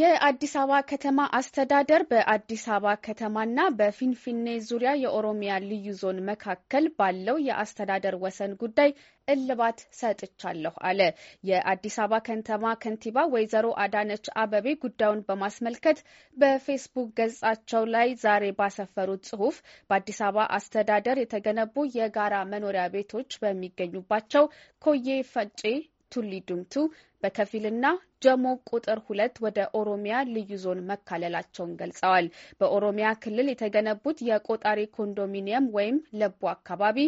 የአዲስ አበባ ከተማ አስተዳደር በአዲስ አበባ ከተማና በፊንፊኔ ዙሪያ የኦሮሚያ ልዩ ዞን መካከል ባለው የአስተዳደር ወሰን ጉዳይ እልባት ሰጥቻለሁ አለ። የአዲስ አበባ ከተማ ከንቲባ ወይዘሮ አዳነች አበቤ ጉዳዩን በማስመልከት በፌስቡክ ገጻቸው ላይ ዛሬ ባሰፈሩት ጽሁፍ በአዲስ አበባ አስተዳደር የተገነቡ የጋራ መኖሪያ ቤቶች በሚገኙባቸው ኮዬ ፈጬ፣ ቱሊ በከፊልና ጀሞ ቁጥር ሁለት ወደ ኦሮሚያ ልዩ ዞን መካለላቸውን ገልጸዋል። በኦሮሚያ ክልል የተገነቡት የቆጣሪ ኮንዶሚኒየም ወይም ለቡ አካባቢ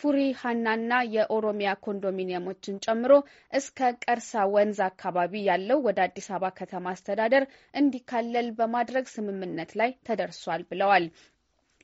ፉሪ ሀናና የኦሮሚያ ኮንዶሚኒየሞችን ጨምሮ እስከ ቀርሳ ወንዝ አካባቢ ያለው ወደ አዲስ አበባ ከተማ አስተዳደር እንዲካለል በማድረግ ስምምነት ላይ ተደርሷል ብለዋል።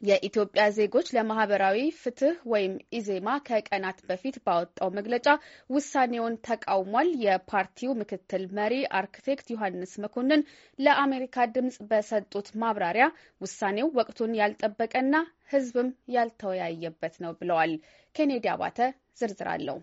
የኢትዮጵያ ዜጎች ለማህበራዊ ፍትህ ወይም ኢዜማ ከቀናት በፊት ባወጣው መግለጫ ውሳኔውን ተቃውሟል። የፓርቲው ምክትል መሪ አርክቴክት ዮሐንስ መኮንን ለአሜሪካ ድምጽ በሰጡት ማብራሪያ ውሳኔው ወቅቱን ያልጠበቀና ህዝብም ያልተወያየበት ነው ብለዋል። ኬኔዲ አባተ ዝርዝር አለው።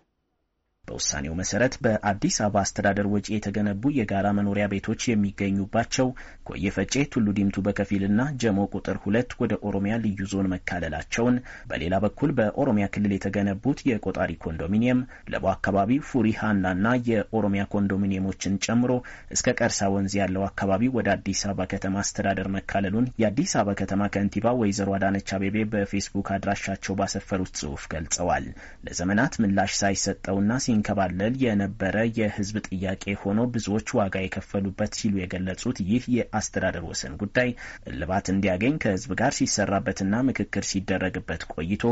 በውሳኔው መሰረት በአዲስ አበባ አስተዳደር ወጪ የተገነቡ የጋራ መኖሪያ ቤቶች የሚገኙባቸው ኮየ ቱሉ ዲምቱ በከፊልና ጀሞ ቁጥር ሁለት ወደ ኦሮሚያ ልዩ ዞን መካለላቸውን፣ በሌላ በኩል በኦሮሚያ ክልል የተገነቡት የቆጣሪ ኮንዶሚኒየም ለቦ አካባቢ ፉሪ ሃናና የኦሮሚያ ኮንዶሚኒየሞችን ጨምሮ እስከ ቀርሳ ወንዝ ያለው አካባቢ ወደ አዲስ አበባ ከተማ አስተዳደር መካለሉን የአዲስ አበባ ከተማ ከንቲባ ወይዘሮ አዳነች አቤቤ በፌስቡክ አድራሻቸው ባሰፈሩት ጽሁፍ ገልጸዋል። ለዘመናት ምላሽ ሳይሰጠውና ሲንከባለል የነበረ የህዝብ ጥያቄ ሆኖ ብዙዎች ዋጋ የከፈሉበት ሲሉ የገለጹት ይህ የአስተዳደር ወሰን ጉዳይ እልባት እንዲያገኝ ከህዝብ ጋር ሲሰራበትና ምክክር ሲደረግበት ቆይቶ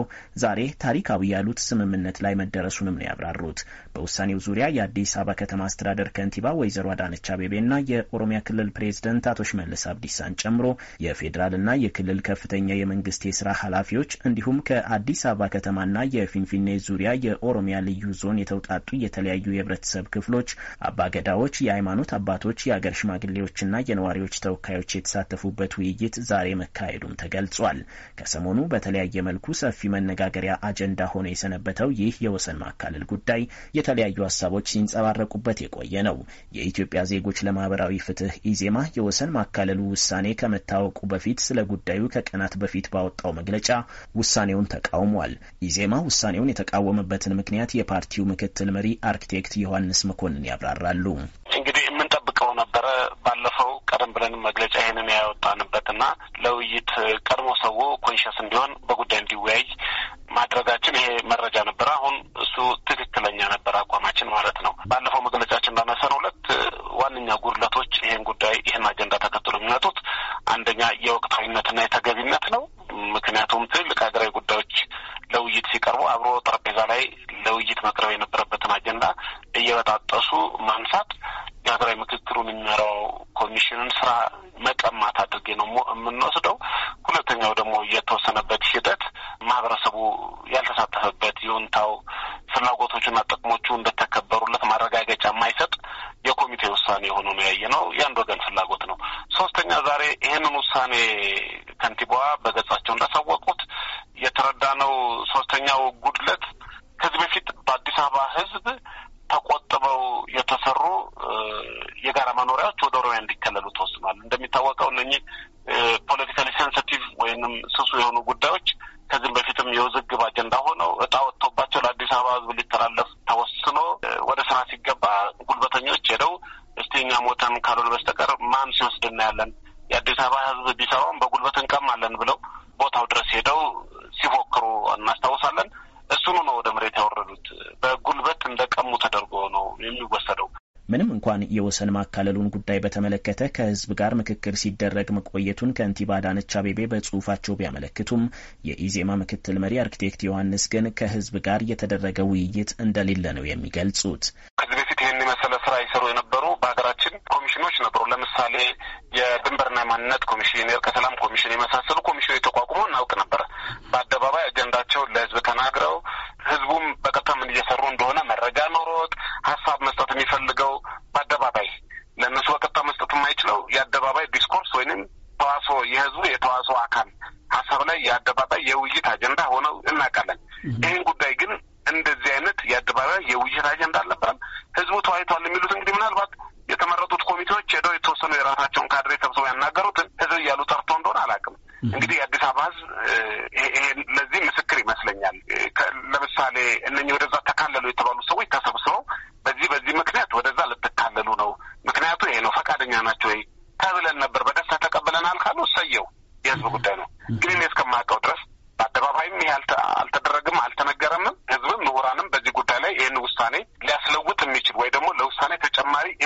ዛሬ ታሪካዊ ያሉት ስምምነት ላይ መደረሱንም ነው ያብራሩት። በውሳኔው ዙሪያ የአዲስ አበባ ከተማ አስተዳደር ከንቲባ ወይዘሮ አዳነች አቤቤና የኦሮሚያ ክልል ፕሬዝደንት አቶ ሽመልስ አብዲሳን ጨምሮ የፌዴራልና የክልል ከፍተኛ የመንግስት የስራ ኃላፊዎች እንዲሁም ከአዲስ አበባ ከተማና የፊንፊኔ ዙሪያ የኦሮሚያ ልዩ ዞን የተውጣ የተውጣጡ የተለያዩ የህብረተሰብ ክፍሎች፣ አባገዳዎች፣ የሃይማኖት አባቶች፣ የአገር ሽማግሌዎችና የነዋሪዎች ተወካዮች የተሳተፉበት ውይይት ዛሬ መካሄዱም ተገልጿል። ከሰሞኑ በተለያየ መልኩ ሰፊ መነጋገሪያ አጀንዳ ሆኖ የሰነበተው ይህ የወሰን ማካለል ጉዳይ የተለያዩ ሀሳቦች ሲንጸባረቁበት የቆየ ነው። የኢትዮጵያ ዜጎች ለማህበራዊ ፍትህ ኢዜማ የወሰን ማካለሉ ውሳኔ ከመታወቁ በፊት ስለ ጉዳዩ ከቀናት በፊት ባወጣው መግለጫ ውሳኔውን ተቃውሟል። ኢዜማ ውሳኔውን የተቃወመበትን ምክንያት የፓርቲው ምክትል ምክትል መሪ አርኪቴክት ዮሐንስ መኮንን ያብራራሉ። እንግዲህ የምንጠብቀው ነበረ። ባለፈው ቀደም ብለን መግለጫ ይህንን ያወጣንበትና ለውይይት ቀድሞ ሰው ኮንሽስ እንዲሆን በጉዳይ እንዲወያይ ማድረጋችን ይሄ መረጃ ነበረ። አሁን እሱ ትክክለኛ ነበር አቋማችን ማለት ነው። ባለፈው መግለጫችን ባነሳን ሁለት ዋነኛ ጉድለቶች ይህን ጉዳይ ይህን አጀንዳ ተከትሎ የሚመጡት አንደኛ የወቅታዊነትና የተገቢነት ነው። ምክንያቱም ትልቅ ሀገራዊ ጉዳዮች ለውይይት ሲቀርቡ አብሮ ጠረጴዛ ላይ ለውይይት መቅረብ እየበጣጠሱ ማንሳት የሀገራዊ ምክክሩ የሚመራው ኮሚሽንን ስራ መቀማት አድርጌ ነው የምንወስደው። ሁለተኛው ደግሞ የተወሰነበት ሂደት ማህበረሰቡ ያልተሳተፈበት ይሁንታው ፍላጎቶቹና ጥቅሞቹ እንደተከበሩለት ማረጋገጫ የማይሰጥ የኮሚቴ ውሳኔ የሆነ ነው ያየ ነው። የአንድ ወገን ፍላጎት ነው። ሶስተኛ ዛሬ ይህንን ውሳኔ ከንቲባዋ በገጻቸው እንዳሳወቁት የተረዳ ነው። ሶስተኛው ጉድለት ከዚህ በፊት በአዲስ አበባ ህዝብ ጉዳዮች ወደ ኦሮሚያ እንዲከለሉ ተወስኗል። እንደሚታወቀው እነኚህ ፖለቲካሊ ሴንስቲቭ ወይንም ስሱ የሆኑ ጉዳዮች ከዚህም በፊትም የውዝግብ አጀንዳ ሆነው እጣ ወጥቶባቸው ለአዲስ አበባ ሕዝብ ሊተላለፍ ተወስኖ ወደ ስራ ሲገባ ጉልበተኞች ሄደው እስቲ እኛ ሞተን ካልሆነ በስተቀር ማን ሲወስድ እናያለን? የአዲስ አበባ ሕዝብ እንኳን የወሰን ማካለሉን ጉዳይ በተመለከተ ከህዝብ ጋር ምክክር ሲደረግ መቆየቱን ከንቲባ አዳነች አቤቤ በጽሁፋቸው ቢያመለክቱም የኢዜማ ምክትል መሪ አርኪቴክት ዮሐንስ ግን ከህዝብ ጋር የተደረገ ውይይት እንደሌለ ነው የሚገልጹት። ከዚህ በፊት ይህን የመሰለ ስራ ይሰሩ የነበሩ በሀገራችን ኮሚሽኖች ነበሩ። ለምሳሌ የድንበርና የማንነት ኮሚሽን፣ የእርቀ ሰላም ኮሚሽን የመሳሰሉ ኮሚሽኖች ተቋቁሞ እናውቅ ነበር በአደባባይ አጀንዳቸው ለህዝብ ተናግረው ህዝቡም በቀጥታ ምን እየሰሩ እንደሆነ መረጃ ኖሮት ሀሳብ መስጠት የሚፈልገው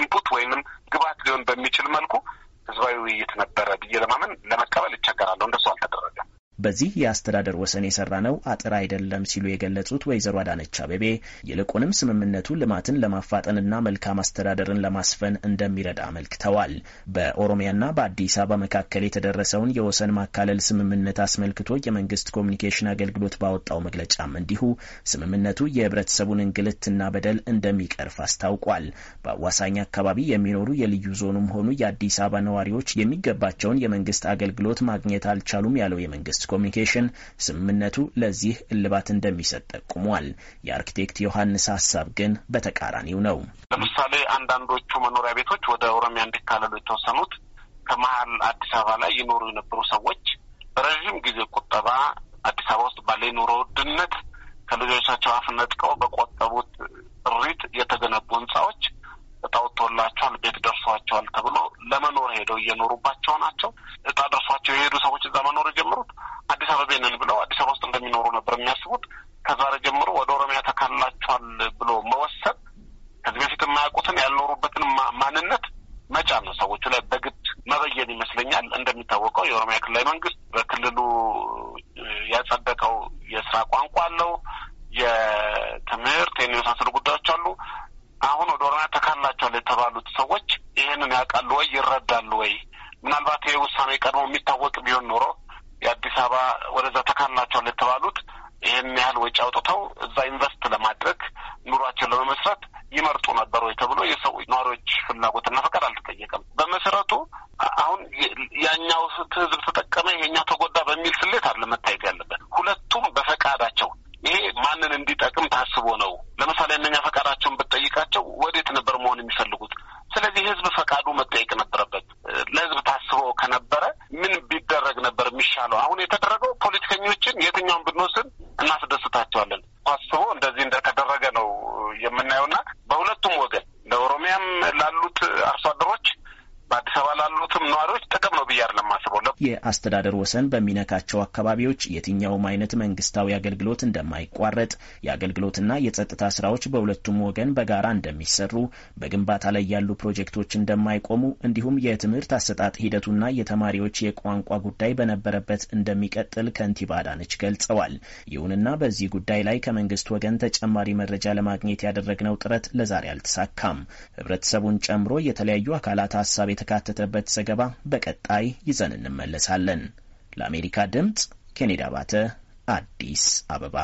ኢንፑት ወይንም ግባት ሊሆን በሚችል መልኩ ህዝባዊ ውይይት ነበረ ብዬ ለማመን ለመቀበል ይቸገራለሁ። እንደሱ በዚህ የአስተዳደር ወሰን የሰራ ነው አጥር አይደለም ሲሉ የገለጹት ወይዘሮ አዳነች አቤቤ ይልቁንም ስምምነቱ ልማትን ለማፋጠንና መልካም አስተዳደርን ለማስፈን እንደሚረዳ አመልክተዋል። በኦሮሚያና በአዲስ አበባ መካከል የተደረሰውን የወሰን ማካለል ስምምነት አስመልክቶ የመንግስት ኮሚኒኬሽን አገልግሎት ባወጣው መግለጫም እንዲሁ ስምምነቱ የህብረተሰቡን እንግልትና በደል እንደሚቀርፍ አስታውቋል። በአዋሳኝ አካባቢ የሚኖሩ የልዩ ዞኑም ሆኑ የአዲስ አበባ ነዋሪዎች የሚገባቸውን የመንግስት አገልግሎት ማግኘት አልቻሉም ያለው የመንግስት ኮሚኒኬሽን ስምምነቱ ለዚህ እልባት እንደሚሰጥ ጠቁሟል። የአርኪቴክት ዮሐንስ ሀሳብ ግን በተቃራኒው ነው። ለምሳሌ አንዳንዶቹ መኖሪያ ቤቶች ወደ ኦሮሚያ እንዲካለሉ የተወሰኑት ከመሀል አዲስ አበባ ላይ ይኖሩ የነበሩ ሰዎች በረዥም ጊዜ ቁጠባ አዲስ አበባ ውስጥ ባለ ኑሮ ውድነት ከልጆቻቸው አፍ ነጥቀው በቆጠቡት ጥሪት የተገነቡ ህንፃዎች እጣ ወጥቶላቸዋል፣ ቤት ደርሷቸዋል ተብሎ ለመኖር ሄደው እየኖሩባቸው ከዛሬ ጀምሮ ወደ ኦሮሚያ ተካላችኋል ብሎ መወሰን ከዚህ በፊት የማያውቁትን ያልኖሩበትን ማንነት መጫን ነው ሰዎቹ ላይ በግድ መበየን ይመስለኛል። እንደሚታወቀው የኦሮሚያ ክልላዊ መንግስት በክልሉ ያጸደቀው የስራ ቋንቋ አለው። የትምህርት የመሳሰሉ ጉዳዮች አሉ። አሁን ወደ ኦሮሚያ ተካላቸዋል የተባሉት ሰዎች ይህንን ያውቃሉ ወይ ይረዳሉ ወይ? ምናልባት ይህ ውሳኔ ቀድሞ የሚታወቅ ቢሆን ኖሮ የአዲስ አበባ ወደዛ ተካላቸዋል የተባሉት ወጪ አውጥተው እዛ ኢንቨስት ለማድረግ ኑሯቸውን ለመመስረት ይመርጡ ነበር ወይ ተብሎ የሰው ነዋሪዎች ፍላጎትና ፈቃድ አልተጠየቀም። በመሰረቱ አሁን ያኛው ህዝብ ተጠቀመ፣ ይሄኛው ተጎዳ በሚል ስሌት አለ መታየት ያለበት። ሁለቱም በፈቃዳቸው ይሄ ማንን እንዲጠቅም ታስቦ ነው። ለምሳሌ እነኛ ፈቃዳቸውን ብትጠይቃቸው ወዴት ነበር መሆን የሚፈልጉት? ስለዚህ ህዝብ ፈቃዱ መጠየቅ ነበረበት። ለህዝብ ታስቦ ከነበረ ምን ቢደረግ ነበር የሚሻለው? አሁን የተደረገው ፖለቲከኞችን የትኛውን ብንወስን እናስደስ የአስተዳደር ወሰን በሚነካቸው አካባቢዎች የትኛውም አይነት መንግስታዊ አገልግሎት እንደማይቋረጥ፣ የአገልግሎትና የጸጥታ ስራዎች በሁለቱም ወገን በጋራ እንደሚሰሩ፣ በግንባታ ላይ ያሉ ፕሮጀክቶች እንደማይቆሙ፣ እንዲሁም የትምህርት አሰጣጥ ሂደቱና የተማሪዎች የቋንቋ ጉዳይ በነበረበት እንደሚቀጥል ከንቲባ አዳነች ገልጸዋል። ይሁንና በዚህ ጉዳይ ላይ ከመንግስት ወገን ተጨማሪ መረጃ ለማግኘት ያደረግነው ጥረት ለዛሬ አልተሳካም። ህብረተሰቡን ጨምሮ የተለያዩ አካላት ሀሳብ የተካተተበት ዘገባ በቀጣይ ይዘን እንመለሳል። እንመለሳለን። ለአሜሪካ ድምፅ ኬኔዲ አባተ አዲስ አበባ